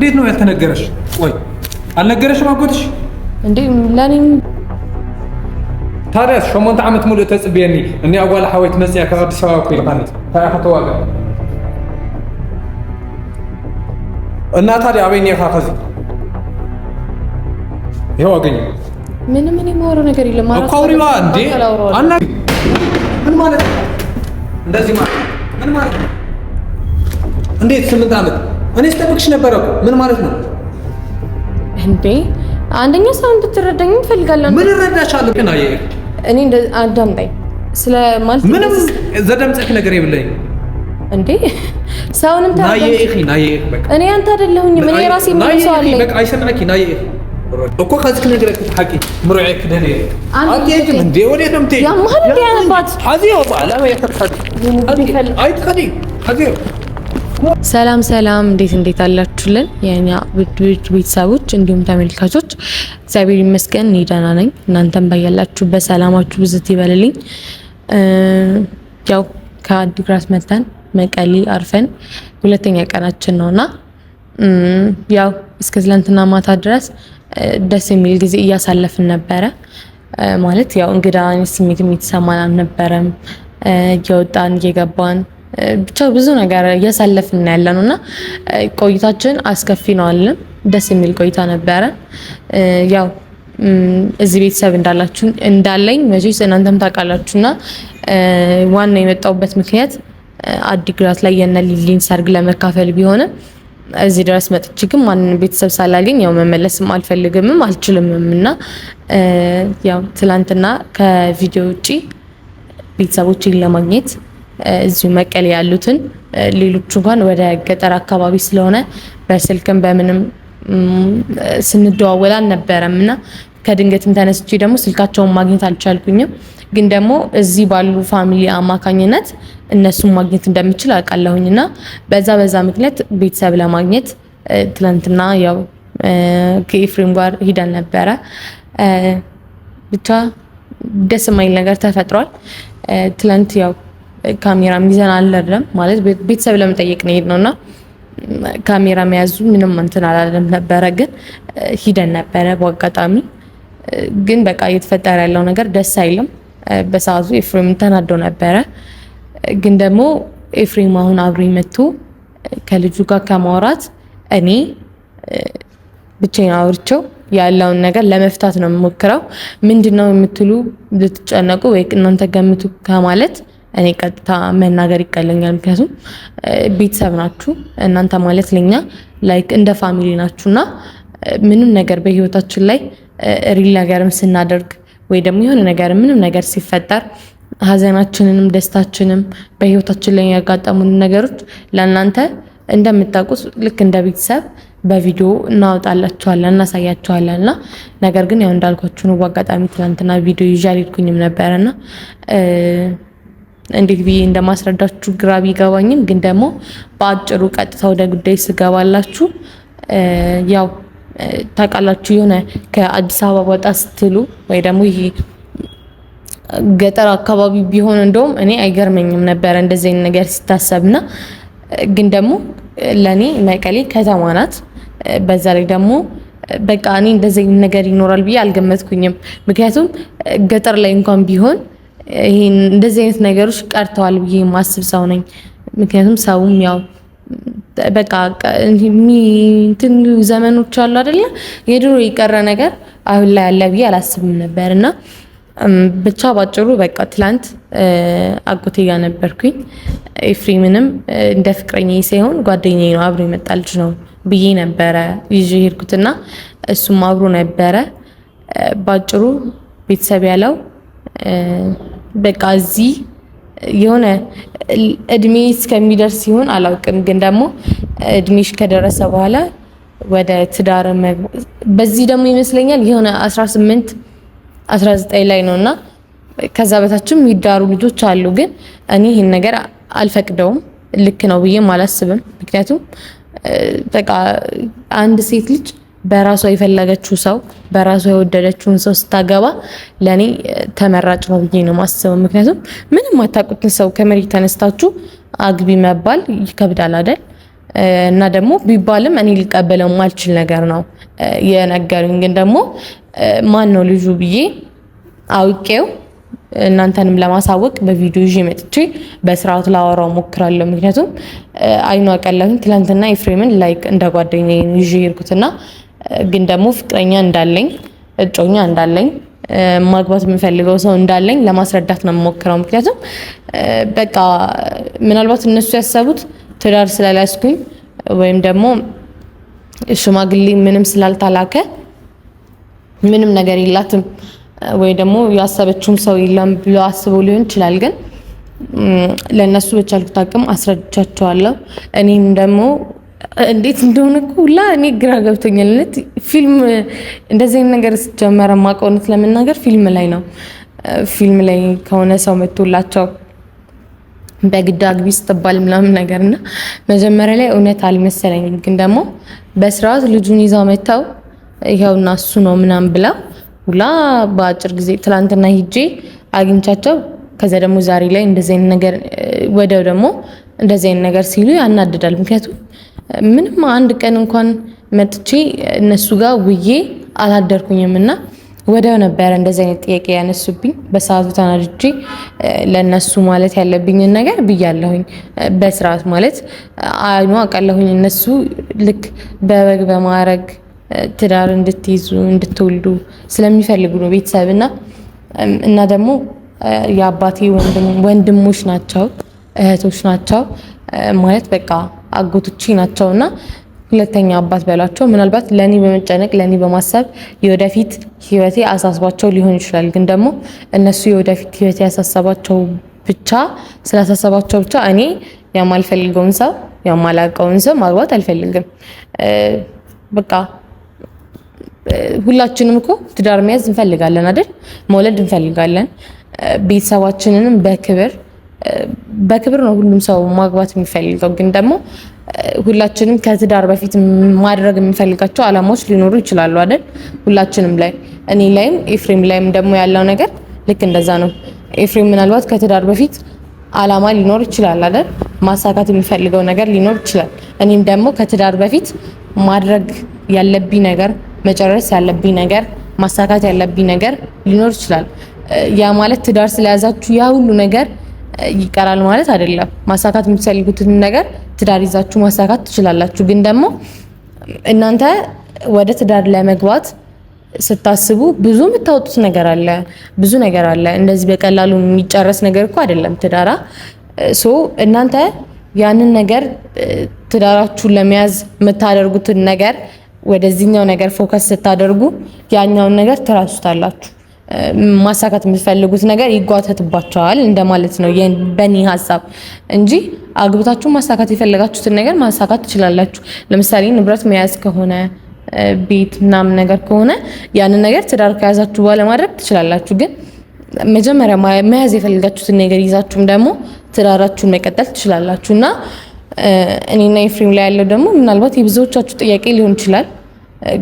እንዴት ነው ያልተነገረሽ? ቆይ አልነገረሽም አጎትሽ? እንዴ ለኔም ታዲያስ ሸሞንተ ዓመት ሙሉእ ተፅብየኒ እኒ ኣጓል ሓወይት መፅያ ካብ ኣዲስ ኣበባ ኮ ኢልካነት ታዲያ ከተዋጋ እና ታዲያ ኣበይ ኒኻ ከዚ ይኸው ኣገኘ ምንም እኔ የማወራው ነገር የለም እኮ አውሪዋ እንዴ አና ምን ማለት ነው እንደዚህ ማለት ምን ማለት ነው እንዴት ስምንት ዓመት እኔ ስጠብቅሽ ነበረ እኮ። ምን ማለት ነው እንዴ? አንደኛ ሰው እንድትረዳኝ እንፈልጋለን። ምን እረዳሻለሁ? ግን አየ እኔ እንደ አዳምጣኝ ስለ ማለት ምንም ዘደምፀፊ ነገር የብለኝ እንዴ ሰውንም እኔ አንተ አይደለሁኝ ምን የራሴ ምን ሰው አለኝ። በቃ አይሰማኪ ናየ እኮ ከዚህ ነገር ትሐቂ ምሩዐክ ደኔ አትሄጂም እንዴ? ወዴት ነው የምትሄጂው? ያማህል እንዴ አዚዮ ባላ ወይ ተፈት አይትከዲ አዚዮ ሰላም ሰላም፣ እንዴት እንዴት አላችሁልን የኛ ቤተሰቦች እንዲሁም ተመልካቾች፣ እግዚአብሔር ይመስገን እኔ ደህና ነኝ። እናንተም ባያላችሁበት ሰላማችሁ ብዝት ይበልልኝ። ያው ከአዲግራት መተን መቀሌ አርፈን ሁለተኛ ቀናችን ነውና ያው እስከ ትላንትና ማታ ድረስ ደስ የሚል ጊዜ እያሳለፍን ነበረ። ማለት ያው እንግዳ ስሜት የሚሰማን አልነበረም። እየወጣን እየገባን ብቻ ብዙ ነገር እያሳለፍን ያለ ነው እና ቆይታችን አስከፊ ነው አለም ደስ የሚል ቆይታ ነበረ። ያው እዚህ ቤተሰብ እንዳላችሁ እንዳለኝ መቼስ እናንተም ታውቃላችሁና ዋና የመጣውበት ምክንያት አዲግራት ላይ የነ ሊሊን ሰርግ ለመካፈል ቢሆንም እዚህ ድረስ መጥቼ ግን ማንን ቤተሰብ ሳላገኝ ያው መመለስም አልፈልግምም አልችልምም እና ያው ትላንትና ከቪዲዮ ውጪ ቤተሰቦችን ለማግኘት እዚሁ መቀሌ ያሉትን ሌሎቹ እንኳን ወደ ገጠር አካባቢ ስለሆነ በስልክም በምንም ስንደዋወል አልነበረም እና ከድንገትም ተነስቼ ደግሞ ስልካቸውን ማግኘት አልቻልኩኝም። ግን ደግሞ እዚህ ባሉ ፋሚሊ አማካኝነት እነሱን ማግኘት እንደምችል አውቃለሁኝ እና በዛ በዛ ምክንያት ቤተሰብ ለማግኘት ትላንትና ያው ከኤፍሬም ጋር ሂደን ነበረ። ብቻ ደስ የማይል ነገር ተፈጥሯል። ትላንት ያው ካሜራም ይዘን አልነበረም ማለት ቤተሰብ ለመጠየቅ ነው የሄድነው እና ካሜራ መያዙ ምንም እንትን አላለም ነበረ፣ ግን ሂደን ነበረ በአጋጣሚ። ግን በቃ እየተፈጠረ ያለው ነገር ደስ አይልም። በሰዓቱ ኤፍሬም ተናዶ ነበረ። ግን ደግሞ ኤፍሬም አሁን አብሮ መጥቶ ከልጁ ጋር ከማውራት እኔ ብቻዬን አውርቼው ያለውን ነገር ለመፍታት ነው የምሞክረው። ምንድን ነው የምትሉ ልትጨነቁ ወይ እናንተ ገምቱ ከማለት እኔ ቀጥታ መናገር ይቀለኛል። ምክንያቱም ቤተሰብ ናችሁ እናንተ ማለት ለኛ ላይክ እንደ ፋሚሊ ናችሁና ምንም ነገር በህይወታችን ላይ ሪል ነገርም ስናደርግ ወይ ደግሞ የሆነ ነገር ምንም ነገር ሲፈጠር ሀዘናችንንም ደስታችንም በህይወታችን ላይ ያጋጠሙን ነገሮች ለእናንተ እንደምታውቁት ልክ እንደ ቤተሰብ በቪዲዮ እናወጣላችኋለን እናሳያችኋለን። እና ነገር ግን ያው እንዳልኳችሁ ነው። በአጋጣሚ ትናንትና ቪዲዮ ይዤ አልሄድኩኝም ነበረና እንዴት ብዬ እንደማስረዳችሁ ግራ ቢገባኝም ግን ደግሞ በአጭሩ ቀጥታ ወደ ጉዳይ ስገባላችሁ ያው ታውቃላችሁ የሆነ ከአዲስ አበባ ወጣ ስትሉ ወይ ደግሞ ይሄ ገጠር አካባቢ ቢሆን እንደውም እኔ አይገርመኝም ነበረ እንደዚህ አይነት ነገር ሲታሰብና ግን ደግሞ ለእኔ መቀሌ ከተማ ናት። በዛ ላይ ደግሞ በቃ እኔ እንደዚህ አይነት ነገር ይኖራል ብዬ አልገመትኩኝም። ምክንያቱም ገጠር ላይ እንኳን ቢሆን ይሄን እንደዚህ አይነት ነገሮች ቀርተዋል ብዬ የማስብ ሰው ነኝ። ምክንያቱም ሰውም ያው በቃ እንትን ዘመኖች አሉ አይደለ? የድሮ የቀረ ነገር አሁን ላይ ያለ ብዬ አላስብም ነበር እና ብቻ ባጭሩ በቃ ትላንት አጎቴ ጋር ነበርኩኝ። ኤፍሬምንም እንደ ፍቅረኛ ሳይሆን ጓደኛዬ ነው አብሮ የመጣ ልጅ ነው ብዬ ነበረ ይዤ ሄድኩትና እሱም አብሮ ነበረ። ባጭሩ ቤተሰብ ያለው በቃ እዚህ የሆነ እድሜ እስከሚደርስ ሲሆን አላውቅም፣ ግን ደግሞ እድሜሽ ከደረሰ በኋላ ወደ ትዳር በዚህ ደግሞ ይመስለኛል የሆነ 18 19 ላይ ነውና ከዛ በታችም የሚዳሩ ልጆች አሉ። ግን እኔ ይህን ነገር አልፈቅደውም፣ ልክ ነው ብዬም አላስብም። ምክንያቱም በቃ አንድ ሴት ልጅ በራሷ የፈለገችው ሰው በራሷ የወደደችውን ሰው ስታገባ ለእኔ ተመራጭ ነው ብዬ ነው ማስበው። ምክንያቱም ምንም ማታቁትን ሰው ከመሬት ተነስታችሁ አግቢ መባል ይከብዳል አይደል? እና ደግሞ ቢባልም እኔ ሊቀበለው ማልችል ነገር ነው የነገሩኝ። ግን ደግሞ ማን ነው ልጁ ብዬ አውቄው እናንተንም ለማሳወቅ በቪዲዮ ይዤ መጥቼ በስርዓቱ ላወራው ሞክራለሁ። ምክንያቱም አይኗ ቀላፊኝ ትላንትና ኤፍሬምን ላይክ እንደ ጓደኛ ይዤ ሄድኩትና ግን ደግሞ ፍቅረኛ እንዳለኝ እጮኛ እንዳለኝ ማግባት የምፈልገው ሰው እንዳለኝ ለማስረዳት ነው የምሞክረው። ምክንያቱም በቃ ምናልባት እነሱ ያሰቡት ትዳር ስላላስኩኝ ወይም ደግሞ ሽማግሌ ምንም ስላልታላከ ምንም ነገር የላትም ወይ ደግሞ ያሰበችውም ሰው የለም ብሎ አስበው ሊሆን ይችላል። ግን ለእነሱ በቻልኩት አቅም አስረድቻቸዋለሁ። እኔም ደግሞ እንዴት እንደሆነ እኮ ሁላ እኔ ግራ ገብቶኛል። ነት ፊልም እንደዚህ አይነት ነገር ስጀመረ ማቀውነት ለመናገር ፊልም ላይ ነው። ፊልም ላይ ከሆነ ሰው መቶላቸው በግድ አግቢ ስትባል ምናምን ነገር እና መጀመሪያ ላይ እውነት አልመሰለኝም፣ ግን ደግሞ በስርዓት ልጁን ይዛ መጥተው ይኸውና እሱ ነው ምናምን ብላ ሁላ በአጭር ጊዜ ትላንትና ሂጄ አግኝቻቸው ከዛ ደግሞ ዛሬ ላይ እንደዚህ አይነት ነገር ወደው ደግሞ እንደዚህ አይነት ነገር ሲሉ ያናድዳል ምክንያቱም ምንም አንድ ቀን እንኳን መጥቼ እነሱ ጋር ውዬ አላደርኩኝም እና ወዲያው ነበረ እንደዚህ አይነት ጥያቄ ያነሱብኝ። በሰዓቱ ተናድጄ ለእነሱ ማለት ያለብኝን ነገር ብያለሁኝ። በስርዓት ማለት አይኑ አቀለሁኝ። እነሱ ልክ በበግ በማረግ ትዳር እንድትይዙ እንድትወልዱ ስለሚፈልጉ ነው ቤተሰብ እና እና ደግሞ የአባቴ ወንድሞች ናቸው እህቶች ናቸው ማለት በቃ አጎቶቼ ናቸውና ሁለተኛ አባት በላቸው። ምናልባት ለእኔ በመጨነቅ ለእኔ በማሰብ የወደፊት ህይወቴ አሳስባቸው ሊሆን ይችላል። ግን ደግሞ እነሱ የወደፊት ህይወቴ ያሳሰባቸው ብቻ ስላሳሰባቸው ብቻ እኔ የማልፈልገውን ሰው የማላውቀውን ሰው ማግባት አልፈልግም። በቃ ሁላችንም እኮ ትዳር መያዝ እንፈልጋለን አይደል? መውለድ እንፈልጋለን። ቤተሰባችንንም በክብር በክብር ነው ሁሉም ሰው ማግባት የሚፈልገው። ግን ደግሞ ሁላችንም ከትዳር በፊት ማድረግ የምንፈልጋቸው አላማዎች ሊኖሩ ይችላሉ አይደል? ሁላችንም ላይ እኔ ላይም ኤፍሬም ላይም ደግሞ ያለው ነገር ልክ እንደዛ ነው። ኤፍሬም ምናልባት ከትዳር በፊት አላማ ሊኖር ይችላል አይደል? ማሳካት የሚፈልገው ነገር ሊኖር ይችላል። እኔም ደግሞ ከትዳር በፊት ማድረግ ያለብኝ ነገር፣ መጨረስ ያለብኝ ነገር፣ ማሳካት ያለብኝ ነገር ሊኖር ይችላል። ያ ማለት ትዳር ስለያዛችሁ ያ ሁሉ ነገር ይቀራል ማለት አይደለም። ማሳካት የምትፈልጉትን ነገር ትዳር ይዛችሁ ማሳካት ትችላላችሁ። ግን ደግሞ እናንተ ወደ ትዳር ለመግባት ስታስቡ ብዙ የምታወጡት ነገር አለ፣ ብዙ ነገር አለ። እንደዚህ በቀላሉ የሚጨረስ ነገር እኮ አይደለም ትዳራ ሶ እናንተ ያንን ነገር ትዳራችሁን ለመያዝ የምታደርጉትን ነገር ወደዚህኛው ነገር ፎከስ ስታደርጉ ያኛውን ነገር ትረሱታላችሁ። ማሳካት የምትፈልጉት ነገር ይጓተትባቸዋል እንደማለት ነው በእኔ ሀሳብ እንጂ አግብታችሁ ማሳካት የፈለጋችሁትን ነገር ማሳካት ትችላላችሁ። ለምሳሌ ንብረት መያዝ ከሆነ ቤት ምናምን ነገር ከሆነ ያንን ነገር ትዳር ከያዛችሁ በኋላ ማድረግ ትችላላችሁ። ግን መጀመሪያ መያዝ የፈለጋችሁትን ነገር ይዛችሁም ደግሞ ትዳራችሁን መቀጠል ትችላላችሁ እና እኔና ኤፍሬም ላይ ያለው ደግሞ ምናልባት የብዙዎቻችሁ ጥያቄ ሊሆን ይችላል።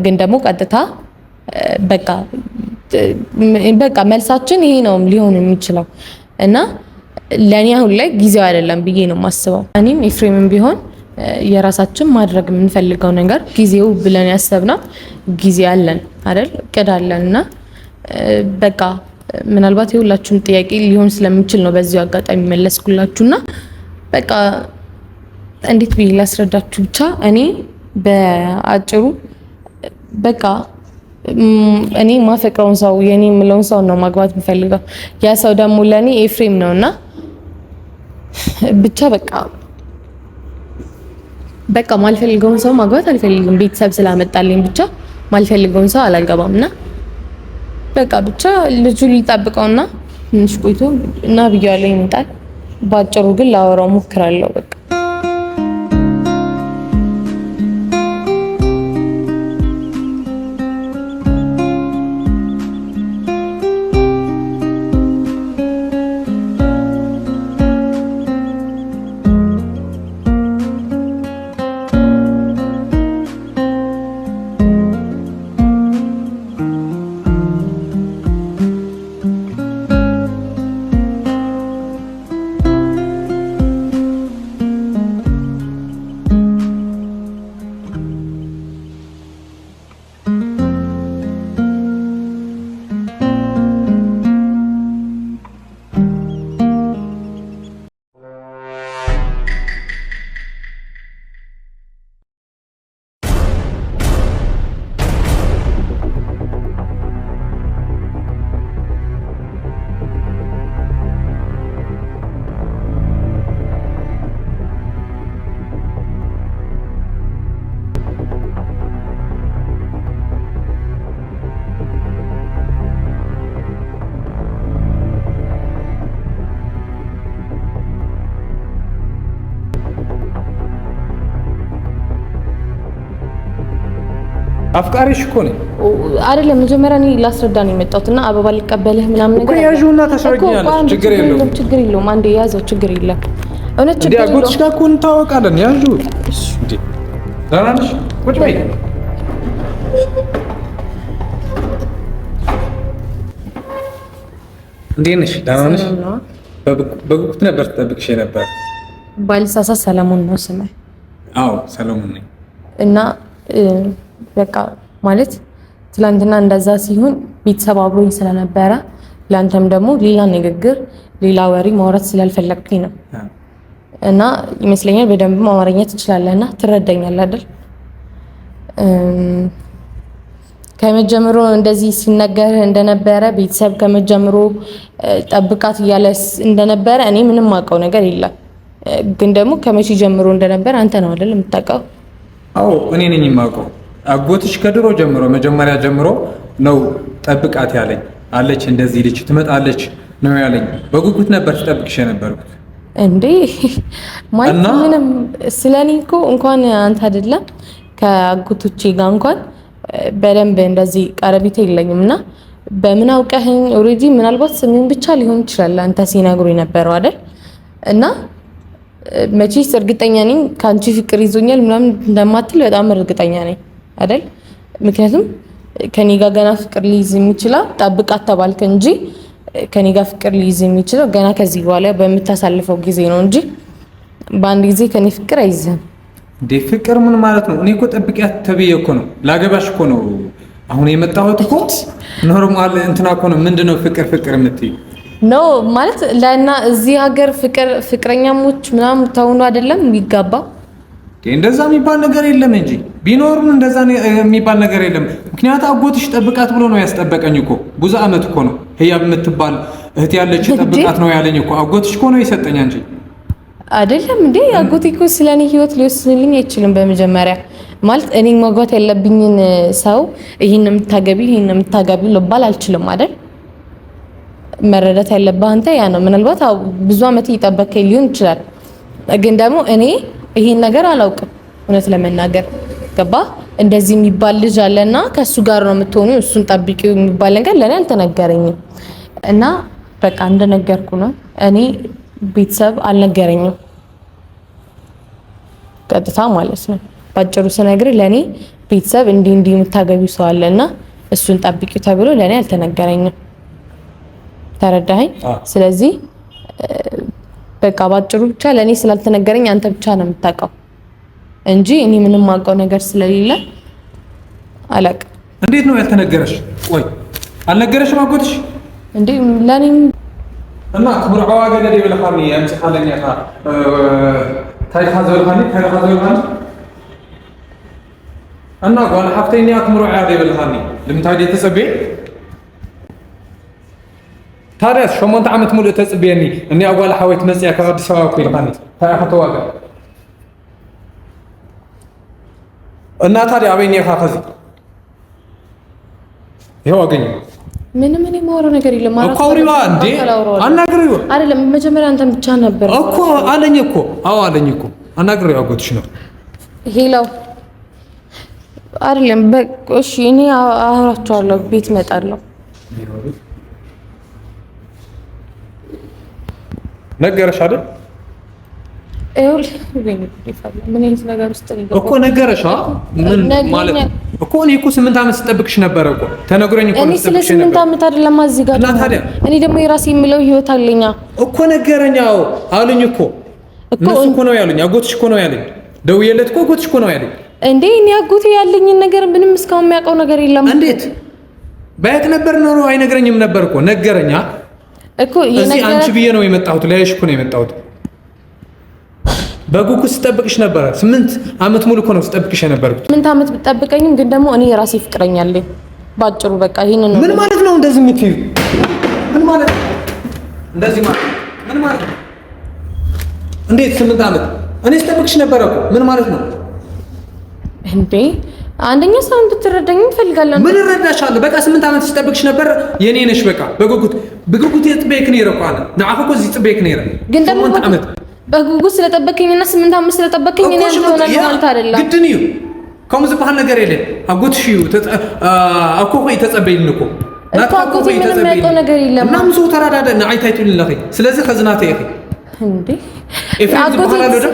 ግን ደግሞ ቀጥታ በቃ በቃ መልሳችን ይሄ ነው ሊሆን የሚችለው እና ለእኔ አሁን ላይ ጊዜው አይደለም ብዬ ነው የማስበው። እኔም ኤፍሬምም ቢሆን የራሳችን ማድረግ የምንፈልገው ነገር ጊዜው ብለን ያሰብናት ጊዜ አለን አይደል? እቅድ አለን እና በቃ ምናልባት የሁላችሁም ጥያቄ ሊሆን ስለሚችል ነው በዚሁ አጋጣሚ መለስኩላችሁና በቃ እንዴት ብዬ ላስረዳችሁ ብቻ እኔ በአጭሩ በቃ እኔ ማፈቅረውን ሰው የኔ የምለውን ሰው ነው ማግባት የምፈልገው። ያ ሰው ደግሞ ለእኔ ኤፍሬም ነው እና ብቻ በቃ በቃ ማልፈልገውን ሰው ማግባት አልፈልግም። ቤተሰብ ስላመጣልኝ ብቻ ማልፈልገውን ሰው አላገባም እና በቃ ብቻ ልጁ ልጠብቀውና ትንሽ ቆይቶ እና ብያለሁ ይመጣል። በአጭሩ ግን ላወራው ሞክራለሁ በቃ አፍቃሪሽ እኮ ነኝ አይደለም። መጀመሪያ እኔ ላስረዳ ነው የመጣሁት እና አበባ ልቀበልህ ምናምን ነገር ያዥውና ታስረዳኛለች። ችግር የለውም፣ ችግር የለውም። አንዴ የያዘው ችግር የለም። እውነት ችግር የለውም። አጎትሽ ጋር እኮ እንታወቃለን። ያዥው። ደህና ነሽ? ቁጭ በይ። እንዴት ነሽ? ደህና ነሽ? በጉጉት ነበር ትጠብቅሽ የነበረ። ባልሳሳ ሰለሞን ነው ስሜ። አዎ ሰለሞን ነኝ እና በቃ ማለት ትላንትና እንደዛ ሲሆን ቤተሰብ አብሮኝ ስለነበረ ለአንተም ደግሞ ሌላ ንግግር ሌላ ወሬ ማውራት ስላልፈለግኩኝ ነው። እና ይመስለኛል በደንብ አማርኛ ትችላለህ እና ትረዳኛለህ አይደል? ከመጀመሩ እንደዚህ ሲነገር እንደነበረ ቤተሰብ ከመጀመሩ ጠብቃት እያለ እንደነበረ እኔ ምንም አውቀው ነገር የለም። ግን ደግሞ ከመቼ ጀምሮ እንደነበረ አንተ ነው አይደል የምታውቀው? አዎ እኔ ነኝ የማውቀው። አጎትሽ ከድሮ ጀምሮ መጀመሪያ ጀምሮ ነው ጠብቃት ያለኝ። አለች እንደዚህ ልጅ ትመጣለች ነው ያለኝ። በጉጉት ነበር ትጠብቅሽ የነበርኩት እንዴ ማለት ምንም ስለኔ እኮ እንኳን አንተ አይደለም ከአጎቶቼ ጋር እንኳን በደንብ እንደዚህ ቀረቤት የለኝም እና በምን አውቀህኝ? ኦልሬዲ ምናልባት ስሜን ብቻ ሊሆን ይችላል አንተ ሲነግሩ የነበረው አይደል? እና መቼስ እርግጠኛ ነኝ ከአንቺ ፍቅር ይዞኛል ምናምን እንደማትል በጣም እርግጠኛ ነኝ። አይደል? ምክንያቱም ከኔ ጋር ገና ፍቅር ሊይዝ የሚችለው ጠብቃት ተባልክ እንጂ ከኔ ጋር ፍቅር ሊይዝ የሚችለው ገና ከዚህ በኋላ በምታሳልፈው ጊዜ ነው እንጂ በአንድ ጊዜ ከኔ ፍቅር አይዝም። እንዴ ፍቅር ምን ማለት ነው? እኔ እኮ ጠብቂያት ተብዬ እኮ ነው ላገባሽ እኮ ነው አሁን የመጣሁት እኮ ኖርማል እንትና እኮ ነው። ምንድነው ፍቅር ፍቅር የምትይው? ኖ ማለት ለእና እዚህ ሀገር ፍቅር ፍቅረኛሞች ምናምን ተውኖ አይደለም የሚጋባ እንደዛ የሚባል ነገር የለም እንጂ ቢኖርም እንደዛ የሚባል ነገር የለም። ምክንያት አጎትሽ ጠብቃት ብሎ ነው ያስጠበቀኝ እኮ ብዙ አመት እኮ ነው። ህያብ የምትባል እህት ያለች ጠብቃት ነው ያለኝ እኮ አጎትሽ እኮ ነው የሰጠኝ እንጂ አይደለም እንዴ። አጎቴ እኮ ስለኔ ህይወት ሊወስንልኝ አይችልም። በመጀመሪያ ማለት እኔ ማግባት ያለብኝን ሰው ይሄን የምታገቢ ይሄን የምታገቢ ልባል አልችልም አይደል? መረዳት ያለብህ አንተ ያ ነው። ምናልባት ብዙ አመት እየጠበከኝ ሊሆን ይችላል፣ ግን ደግሞ እኔ ይሄን ነገር አላውቅም እውነት ለመናገር ገባ እንደዚህ የሚባል ልጅ አለና ከሱ ጋር ነው የምትሆኑ እሱን ጠብቂ የሚባል ነገር ለእኔ አልተነገረኝም። እና በቃ እንደነገርኩ ነው እኔ ቤተሰብ አልነገረኝም ቀጥታ ማለት ነው። ባጭሩ ስነግር ለእኔ ቤተሰብ እንዲህ እንዲህ የምታገቢው ሰው አለ እና እሱን ጠብቂው ተብሎ ለእኔ አልተነገረኝም። ተረዳኸኝ? ስለዚህ በቃ ባጭሩ ብቻ ለእኔ ስላልተነገረኝ አንተ ብቻ ነው የምታውቀው እንጂ እኔ ምንም አውቀው ነገር ስለሌለ አላቅ። እንዴት ነው ያልተነገረሽ? ወይ አልነገረሽም? አጎትሽ እንዴ ለኔ እና ክቡር አዋገ ነዴ በለካኒ አንቺ ካለኛ ታ ታይካ ዘልካኒ ታይካ ዘልካኒ እና ጓል ሀፍተኛ ክቡር አዋገ በለካኒ ልምታዴ ተጸቤ ታዲያ ሸሞንተ ዓመት ሙሉእ ተፅብየኒ እኒ ኣጓል ሓወይት መፅያ ካብ ኣዲስ ኣበባ ኮ ኢልካኒ ታዲያ ከተዋጋ እና ታዲያ ኣበይ ኒኤካ ከዚ ይኸው አገኘ ምንም እኔ የማወራው ነገር የለም እኮ አውሪዋ እንዴ አናግሪው አይደለም መጀመሪያ አንተን ብቻ ነበር እኮ አለኝ እኮ አዎ አለኝ እኮ አናግሪው አጎትሽ ነው ሄላው አይደለም በቃ እሺ እኔ አወራቸዋለሁ ቤት እመጣለሁ ነገረሽ አይደል? እኮ ነገረሽ እኮ እኔ እኮ ስምንት ዓመት ስጠብቅሽ ነበረ እኮ ተነግሮኝ እኮ እኔ ስለ ስምንት ዓመት አይደለም እዚህ ጋር እና ታዲያ እኔ ደግሞ የራሴ የምለው ህይወት አለኛ እኮ ነገረኝ አሉኝ እኮ እነሱ እኮ ነው ያሉኝ አጎትሽ እኮ ነው ያለኝ ደውዬለት እኮ አጎትሽ እኮ ነው ያለኝ እንዴ እኔ አጎቴ ያለኝን ነገር ምንም እስካሁን የሚያውቀው ነገር የለም እንዴት ባያት ነበር ኖሮ አይነግረኝም ነበር እኮ ነገረኛ እኮ እዚህ አንቺ ብዬ ነው የመጣሁት፣ ላይሽ እኮ ነው የመጣሁት። በጉጉ ስጠብቅሽ ነበረ። ስምንት አመት ሙሉ እኮ ነው ስጠብቅሽ የነበርኩት። ስምንት አመት ብጠብቀኝም ግን ደግሞ እኔ የራሴ ፍቅረኛ ባጭሩ በቃ ይሄንን ነው። ምን ማለት ነው እንደዚህ የምትይው? ምን ማለት ነው እንደዚህ ማለት ምን ማለት ነው? እንዴት ስምንት አመት እኔ ስጠብቅሽ ነበረ እኮ ምን ማለት ነው እንዴ? አንደኛ ሰው እንድትረዳኝ እንፈልጋለን። ምን እረዳሻለሁ? በቃ ስምንት ዓመት ሲጠብቅሽ ነበር የኔ ነሽ። በቃ በጉጉት በጉጉት የጥበይክ ነው እኮ አለ ንዓኹ እኮ እዚህ ጥበይክ ነይረ ግን ደግሞ ዓመት በጉጉት ስለጠበከኝ ስምንት ዓመት ስለጠበከኝ እኔ አንተ ሆነ ማለት አይደለም። ግድን እዩ ከምኡ ዝበሃል ነገር የለን። አጎትሽ እዩ አኮ ኮይ ተጸበይልን እኮ ናት እኮ ኮይ ተጸበይልን ነገር የለም። እና ምሱ ተራዳደ ንዓይ አይታይቱን ለኸይ ስለዚህ ከዝናተ ይኸይ እንዴ ኢፋት ዝበሃል አሎ ደ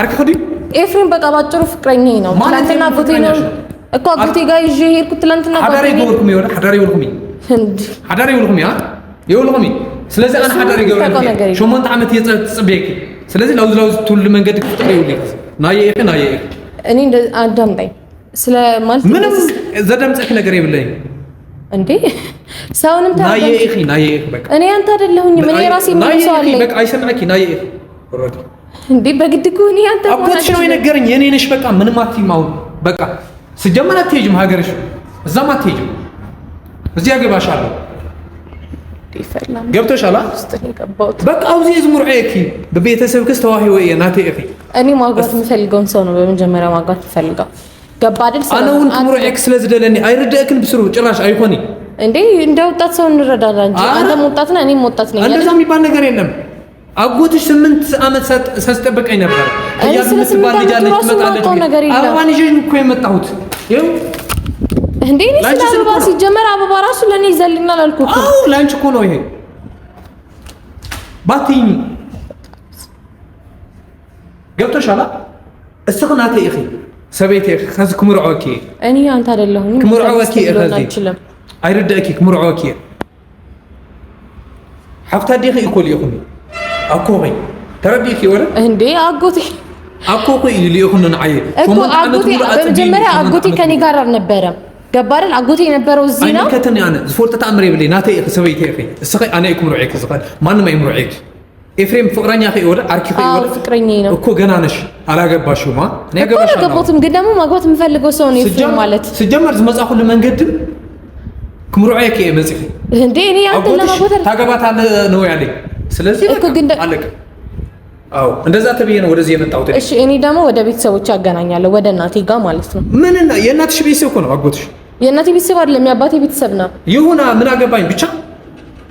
ዓርኪ ኤፍሬም በቃ ባጭሩ ፍቅረኛ ነው። ትላንትና ጉቴ ነው እኮ ጉቴ ጋር ይዤ ሄድኩት። ትላንትና ሀዳሪ ይወልኩም ይሆነ ሀዳሪ ይወልኩም እንዴ ሀዳሪ ይወልኩም ያ ይወልኩም። ስለዚህ አና ሀዳሪ ይወልኩም ሾመንት ዓመት የጽቤክ ስለዚህ ለውዝ ለውዝ ቱል መንገድ ፍቅር ይውልክ ናይ ኤፍ ናይ ኤፍ እኔ እንደ አዳምጠኝ ስለ ማለት ምንም ዘደምፀክ ነገር ይብለኝ እንዴ ሰውንም ታዲያ ናይ ኤፍ ናይ ኤፍ በቃ እኔ አንተ አይደለሁኝ ምን የራሴ ምን ሰው አለኝ በቃ አይሰማኪ ናይ ኤፍ ኦሬዲ እንዴ በግድ እኮ እኔ አንተ አጎትሽ ነው የነገረኝ። የኔ ነሽ በቃ ምንም አትይም። አሁን በቃ ስጀመር አትሄጂም፣ ሀገርሽ እዛም አትሄጂም። እዚህ ያገባሻለሁ። ገብቶሻል። በቃ አውዚ ዝሙር ኪ በቤተሰብ ክስ ተዋሂ ወይ ናቴ እፊ እኔ ማግባት የምፈልገውን ሰው ነው በመጀመሪያ ማግባት የምፈልገው። ገባ አይደል? አነ እውን ክምሮ ኤክ ስለዝደለኒ አይርደክን ብስሩ ጭራሽ አይኮኒ እንዴ እንደ ወጣት ሰው እንረዳዳ እንጂ አንተም ወጣት ነህ እኔም ወጣት ነኝ። እንደዛ የሚባል ነገር የለም። አጎትሽ ስምንት ዓመት ሳስጠብቀኝ ነበር። እያስመስባል ይዤ እኮ የመጣሁት እንዴ ስለ አበባ ሲጀመር አበባ ራሱ ለኔ ይዘልኛል አልኩት። አዎ እኮ ነው ይሄ ባትይኝ ገብቶሻል። እስኽናተ ኢኺ ሰበይቲ ኢኺ ከዚ ክምርዖኪ እኔ አንተ አይደለሁም ክምርዖወኪ ኢኺ አይርዳእኪ ክምርዖወኪ ሓፍታ ዲኺ እኮ ልኢኹም አኮ በይ ተረዲክ ይወረ እንዴ አጎቴ አኮ ቆይ ሊሆንን አይ በመጀመሪያ አጎቴ ከኔ ጋር አልነበረም። ገባርን አጎቴ የነበረው እዚህ ነው። ከተን ያነ ዝፈልጥ ተአምር የብለይ ናተ ሰበይተ ይኸ እስኸ ኣነ ይኩም ርዑይክ ዝኸል ማንም ኣይም ኤፍሬም ፍቅረኛ ኸ ይወደ አርኪ ኸ ይወደ ፍቅረኛ ነው እኮ ገና ነሽ አላገባሽማ ናይ ገባሽ አላገባሁትም፣ ግን ደግሞ ማግባት የምፈልገው ሰው ነው ኤፍሬም ማለት ስጀመር ዝመጻ ሁሉ መንገድም ክምርዑይክ እየ መጽኺ እንዴ እኔ ያንተ ለማግባት ታገባታለህ ነው ያለኝ ስለዚህ እኮ ግን አለቀ። አዎ እንደዛ ተብዬ ነው ወደዚህ የመጣሁት። እሺ እኔ ደግሞ ወደ ቤተሰቦች አገናኛለሁ ወደ እናቴ ጋር ማለት ነው። ምን እና የእናትሽ ቤተሰብ እኮ ነው አጎትሽ። የእናቴ ቤተሰብ አይደለም የአባቴ ቤተሰብ ነው። ይሁና ምን አገባኝ ብቻ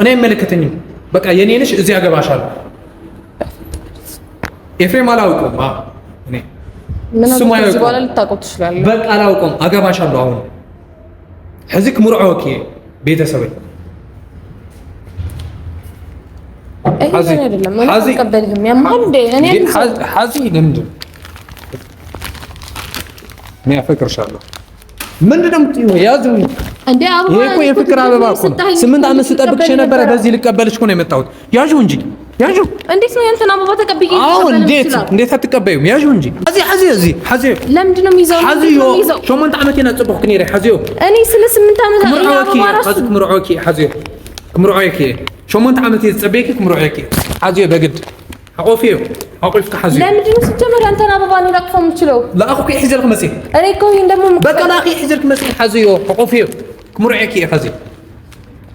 እኔ አይመለከተኝም። በቃ የኔ ነሽ፣ እዚህ አገባሻለሁ። ኤፍሬም አላውቀውም። እኔ ምን ስሙ አላውቀውም። በቃ አላውቀውም። አገባሻለሁ አሁን ሕዚክ ምርዖ ቤተሰበኝ ሐዚ ልምዱ ፍቅር ሻለሁ ምንድን ነው የምትይው? ያዙኝ። እንዴ አበባ ይሄ እኮ የፍቅር አበባ እኮ ነው። ስምንት ዓመት ስጠብቅሽ የነበረ በዚህ ልቀበልሽ እኮ ነው የመጣሁት። ያዥው እንጂ ያዥው። እንዴት ነው ያንተን አበባ ተቀብዬ? አዎ እንዴት እንዴት አትቀበዩም? ያዥው እንጂ ሐዚ ሐዚ ሐዚ ሐዚ ለምንድን ነው የሚይዘው? ሐዚ ዮ ሸሞንት ዓመቴን አጽብኩ እኔ ሐዚ ዮ እኔ ስለ ስምንት ዓመት አበባ ራሱ ክምርዖኪ ሐዚ ዮ ክምርዖኪ شمنت عمتي إيه؟ تصبيكك مروحك إيه؟ حازيه بقد حقوف يو حقوف كحازيه لا مدري نسيت جمر انت انا بابا نقفو متلو لا اخو كي حزر خمسي اري كو بقى انا اخي حزر خمسي حازيه حقوف يو كمرعيك إيه يا خازي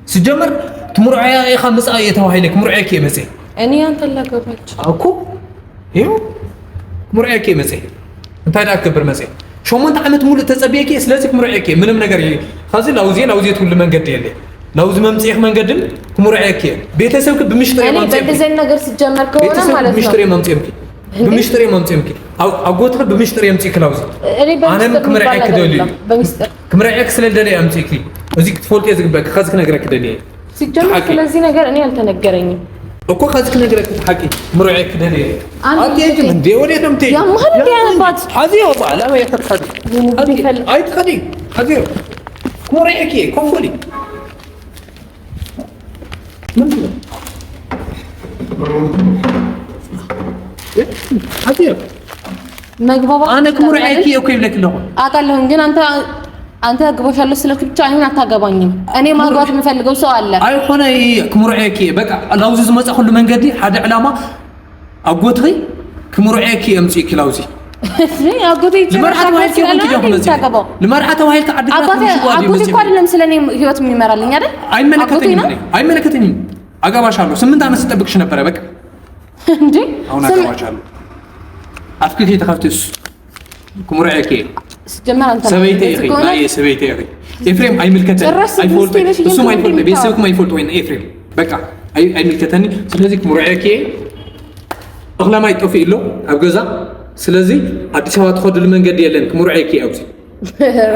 سجمر تمرعي يا اخا مس اي توهينك مرعيك يا مسي اني انت لا قبلت اكو يو إيوه. مرعيك يا مسي انت هنا كبر مسي شو ما انت عملت مولد تسبيك اسلاسك مرعيك منم نغير خازي لا وزي لا وزي تقول لمن قد ናብዚ መምፅኢኽ መንገድን ክሙርዕየክ እየ ቤተሰብክ ብምሽጥር እየ መምፅኦምኪ ነገር ስጀመር ከሆነ ማለት ነው ብምሽጥር እየ መምፅኦምኪ ብምሽጥር እየ መምፅኦምኪ ኣጎትኸ ብምሽጥር እየ ምፅኢክ ናብዚ ኣነም ክምርዕየክ ደልዩ ክምርዕየክ ስለ ደለየ ኣምፅኢክ እዚ ክትፈልጥ እየ ዝግበአክ ከዚ ክነግረክ ደልየ ሲጀመር ስለዚ ነገር እኔ አልተነገረኝም እኮ ከዚ ክነግረክ ሓቂ ምርዕየክ ደልየ ኣትየጅም እንዴ ወዴቶም ትይ ያምህር እንዲ ኣነባት ሓዚዮ በዓል ኣበይ ከተኸዲ ኣይትኸዲ ሓዚዮ ክሙርዕየክ እየ ኮንፈሊ አውቃለሁኝ ግን አንተ አንተ ስለ ብቻ አይሆን አታገባኝም። እኔ ማግባት የምፈልገው ሰው አለ አይኮነ ክምርዐኪ በቃ ላውዚ ዝመፀ ኩሉ መንገዲ ሓደ ዕላማ ኣጎትኺ ክምርዐኪ የምፅእኪ ላውዚ ልመርዓ ተባሂልካ ዓዲ ኣጎቴ እኮ አይደለም ስለኔ ህይወት የሚመራልኝ አይደል? አይመለከተኝም አገባሻለሁ። ስምንት ዓመት ስጠብቅሽ ነበረ። በቃ እንዴ አሁን አገባሻለሁ። አፍክክ የተካፍትስ ኩምራ ያኬ ኤፍሬም አይመልከተን እሱም አይፎልት ቤተሰብኩም አይፎልት ወይ ኤፍሬም በቃ አይመልከተን። ስለዚህ ኩምራ ያኬ እኽላ ማይ ኢሎ ኣብ ገዛ ስለዚህ አዲስ አበባ ትኸድሉ መንገዲ የለን ክምርዐ ኣብዚ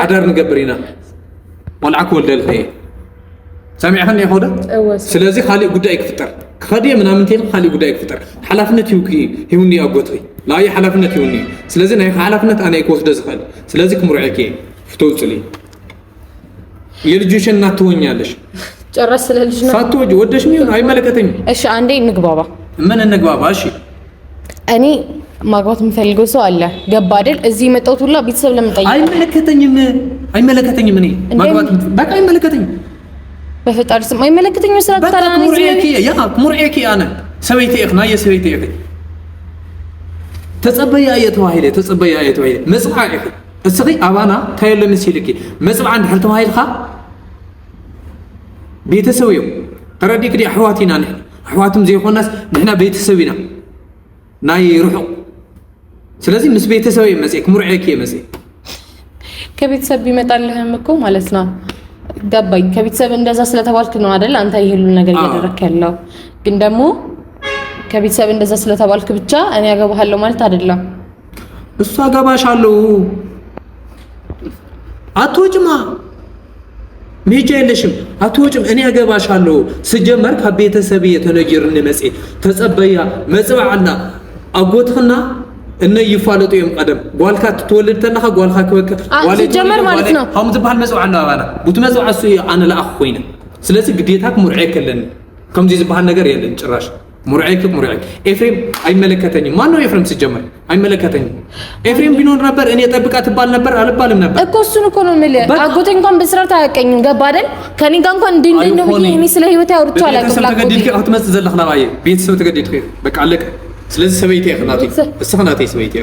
ሓዳር ንገብር ኢና ቆልዓ ክወልደ እየ ሰሚዕኸኒ ይኸውደ ስለዚ ካሊእ ጉዳይ ክፍጠር ክኸድየ ምናምን ካሊእ ጉዳይ ክፍጠር ሓላፍነት ሂውኒ ኣጎት ንኣየ ሓላፍነት ሂውኒ ስለዚ ናይ ሓላፍነት ኣነይ ክወስደ ዝኽእል ስለዚ ክምርዐክ ፍተውፅል የልጆሽን እናትወኛለሽ ጨረስ እሺ አንዴ እሺ እኔ ማግባት የምፈልገው ሰው አለ። ገባ አይደል? እዚህ የመጣሁት ሁላ ቤተሰብ ለምን ጠይቀኝ? አይመለከተኝም፣ አይመለከተኝም። እኔ ማግባት በቃ አይመለከተኝም። በፈጣሪ ስም አይመለከተኝ ስራ ተራራኒ ያ ሙርኤኪ አነ ሰበይቲ እኽና የሰበይቲ እኽ ተጸበያ የተዋሂለ ተጸበያ የተዋሂለ መጽዓ እኽ እስኺ አባና ታየለ ምስልኪ መጽዓ እንድሕር ተዋሂልካ ቤተሰብ እዮም ረዲ ክዲ ኣሕዋት ኢና ንሕ ኣሕዋትም ዘይኮናስ ንሕና ቤተሰብ ኢና ናይ ርሑቕ ስለዚ ምስ ቤተሰብ እየ መፅእ ሙርኤኪ እየ መፅእ ከቤተሰብ ቢመጣልህም እኮ ማለት ነው ገባኝ። ከቤተሰብ እንደዛ ስለተባልክ ነው አይደል? አንተ ይሄሉን ነገር እያደረክ ያለው ግን ደግሞ ከቤተሰብ እንደዛ ስለተባልክ ብቻ እኔ አገባሃለሁ ማለት አይደለም። እሱ አገባሻለሁ አትወጭማ ሜጃ የለሽም አትወጭም። እኔ አገባሻለሁ። ስጀመር ከቤተሰብ የተነጀርን መጽ ተጸበያ መጽባዕና አጎትህና እነ ይፋለጡ እዮም ቀደም ጓልካ ትወልድ ተለኻ ጓልካ ክበቅዕ ጀመር ማለት ነው ከምኡ ዝበሃል መፅውዓ እናባባና ቡቲ መፅዋዕ እሱ ኣነ ለኣኽ ኮይነ ስለዚ ግዴታ ክምርዐ ከለኒ ከምዚ ዝበሃል ነገር የለን ጭራሽ ሙርዐይክ ሙርዐይክ ኤፍሬም አይመለከተኝም። ማን ነው ኤፍሬም? ሲጀመር አይመለከተኝም። ኤፍሬም ቢኖር ነበር እኔ ጠብቃ ትባል ነበር አልባልም ነበር እኮ። እሱን እኮ ነው የምልህ። አጎቴ እንኳን በስራት አያውቀኝም። ገባ አይደል? ከኔ ጋር እንኳን እንዲህ እንዲህ ነው ብዬ እኔ ስለ ህይወቴ አውርቼው አላውቅም። ቤተሰብ ተገዲድክ አትመፅእ ዘለኽ ናባየ ቤተሰብ ተገዲድክ በቃ አለቀ። ስለዚ ሰበይቲ ኢኻ እስኻ ናተይ ሰበይቲ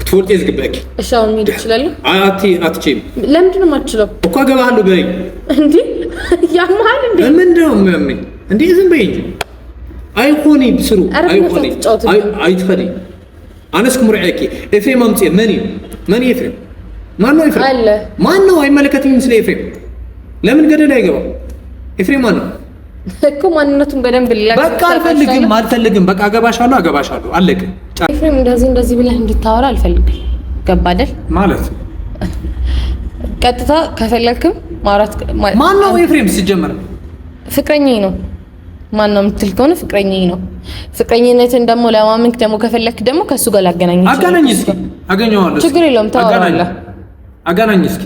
ክትፈልጥ እየ እሺ አሁን ሄድ ትችላለህ አትችይም ለምንድን ነው የማትችለው እኮ በይ እንዲ ያመሃል እንዴ ምንድን ነው የሚያመኝ እንዴ ዝም በይ እንጂ ኣይኮኒ ብስሩ ኣይትኸዲ ኣነስ ክምርዐኪ ኤፍሬም ኣምፅእ መን እዩ መን እዩ ኤፍሬም ማን ኤፍሬም ማን ነው ስለ ኤፍሬም ለምን ገደል አይገባም ኤፍሬም ማነው እኮ ማንነቱን በደንብ ሊላ በቃ አልፈልግም፣ አልፈልግም፣ በቃ አገባሻለሁ፣ አገባሻለሁ፣ አለቀ። ኤፍሬም እንደዚህ እንደዚህ ብለህ እንድታወራ አልፈልግም። ገባ አይደል ማለት ቀጥታ ከፈለክም ማውራት ማን ነው ኤፍሬም? ሲጀመር ፍቅረኛዬ ነው። ማን ነው የምትል ከሆነ ፍቅረኛዬ ነው። ፍቅረኝነትን ደግሞ ለማመንክ ደግሞ ከፈለክ ደግሞ ከሱ ጋር ላገናኝ አገናኝ። እስኪ አገኘዋለሁ፣ ችግር የለውም። ታወራለህ። አገናኝ እስኪ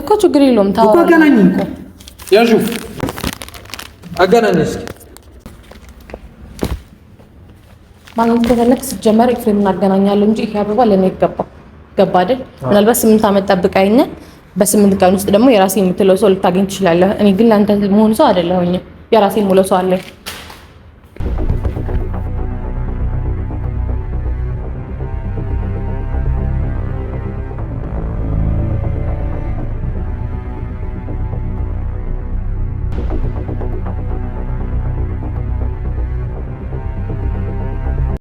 እኮ ችግር የለውም። ታወራለህ እኮ አገናኝ እኮ ያሹ አገናኝ እስኪ ማግኘት ከፈለክ ስትጀመር ኤፍሬምን አገናኛለሁ እንጂ ይሄ አበባ ለእኔ ይገባ ገባ አይደል? ምናልባት ስምንት ዓመት ጠብቃይነ በስምንት ቀን ውስጥ ደግሞ የራሴ የምትለው ሰው ልታገኝ ትችላለህ። እኔ ግን ለአንተ መሆኑ ሰው አይደለሁኝም። የራሴ ሙለው ሰው አለኝ።